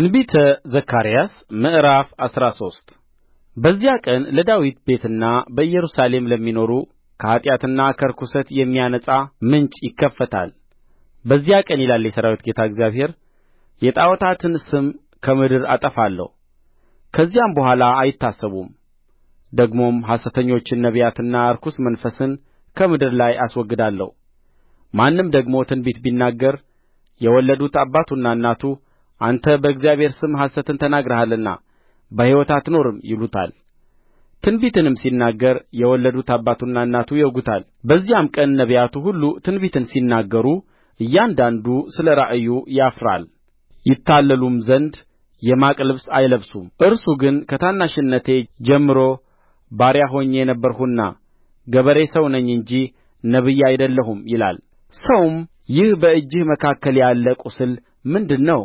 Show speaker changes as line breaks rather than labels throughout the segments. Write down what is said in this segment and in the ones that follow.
ትንቢተ ዘካርያስ ምዕራፍ አስራ ሶስት በዚያ ቀን ለዳዊት ቤትና በኢየሩሳሌም ለሚኖሩ ከኃጢአትና ከርኵሰት የሚያነጻ ምንጭ ይከፈታል በዚያ ቀን ይላል የሠራዊት ጌታ እግዚአብሔር የጣዖታትን ስም ከምድር አጠፋለሁ ከዚያም በኋላ አይታሰቡም ደግሞም ሐሰተኞችን ነቢያትና ርኩስ መንፈስን ከምድር ላይ አስወግዳለሁ ማንም ደግሞ ትንቢት ቢናገር የወለዱት አባቱና እናቱ አንተ በእግዚአብሔር ስም ሐሰትን ተናግረሃልና በሕይወት አትኖርም ይሉታል ትንቢትንም ሲናገር የወለዱት አባቱና እናቱ ይወጉታል በዚያም ቀን ነቢያቱ ሁሉ ትንቢትን ሲናገሩ እያንዳንዱ ስለ ራእዩ ያፍራል ይታለሉም ዘንድ የማቅ ልብስ አይለብሱም እርሱ ግን ከታናሽነቴ ጀምሮ ባሪያ ሆኜ ነበርሁና ገበሬ ሰው ነኝ እንጂ ነቢይ አይደለሁም ይላል ሰውም ይህ በእጅህ መካከል ያለ ቍስል ምንድር ነው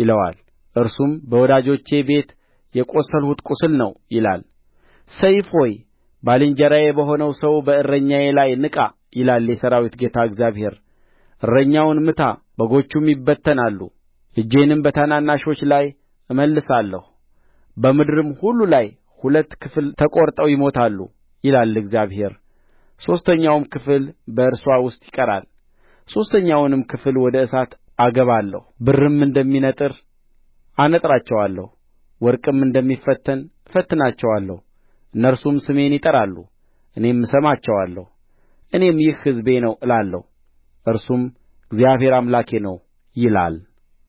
ይለዋል እርሱም በወዳጆቼ ቤት የቈሰልሁት ቍስል ነው ይላል ሰይፍ ሆይ ባልንጀራዬ በሆነው ሰው በእረኛዬ ላይ ንቃ ይላል የሠራዊት ጌታ እግዚአብሔር እረኛውን ምታ በጎቹም ይበተናሉ እጄንም በታናናሾች ላይ እመልሳለሁ በምድርም ሁሉ ላይ ሁለት ክፍል ተቈርጠው ይሞታሉ ይላል እግዚአብሔር ሦስተኛውም ክፍል በእርስዋ ውስጥ ይቀራል ሦስተኛውንም ክፍል ወደ እሳት አገባለሁ ብርም እንደሚነጥር አነጥራቸዋለሁ ወርቅም እንደሚፈተን እፈትናቸዋለሁ እነርሱም ስሜን ይጠራሉ እኔም እሰማቸዋለሁ እኔም ይህ ሕዝቤ ነው እላለሁ እርሱም እግዚአብሔር አምላኬ ነው ይላል